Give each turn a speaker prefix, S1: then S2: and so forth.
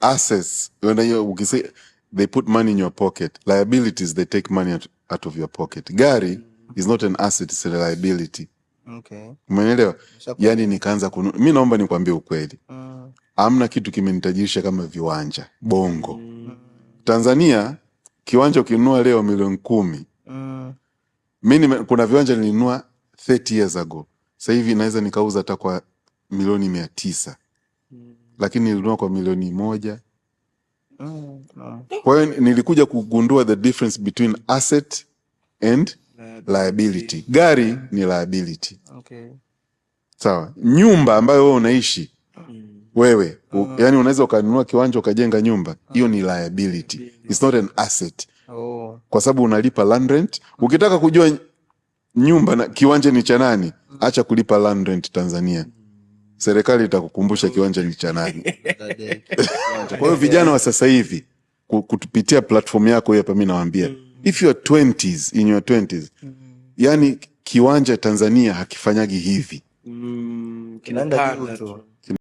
S1: Assets, when you ukise, they put money in your pocket. Liabilities, they take money out, out of your pocket. Gari is not an asset, it's a liability. Okay. Umeelewa? yani nikaanza kunu... Mimi naomba nikwambie ukweli. Mm. Hamna kitu kimenitajisha kama viwanja. Bongo. Mm. Tanzania kiwanja ukinunua leo milioni kumi. Mm. Mimi kuna viwanja nilinunua 30 years ago. Sasa hivi naweza nikauza hata kwa milioni mia tisa. Mm lakini nilinunua kwa milioni moja. Mm, kwa hiyo nilikuja kugundua the difference between asset and liability. Gari ni liability. Okay. Sawa, nyumba ambayo wewe unaishi mm. wewe u, uh-huh. yani unaweza ukanunua kiwanja ukajenga nyumba hiyo, ni liability. It's not an asset. Oh. Kwa sababu unalipa land rent. Ukitaka kujua nyumba na kiwanja ni cha nani, mm. acha kulipa land rent Tanzania serikali itakukumbusha kiwanja ni cha nani. Kwa hiyo vijana wa sasa hivi kutupitia platform yako hiyo hapa, mimi nawaambia mm. if you are 20s, in your 20s, mm. yani kiwanja Tanzania hakifanyagi hivi. Mm,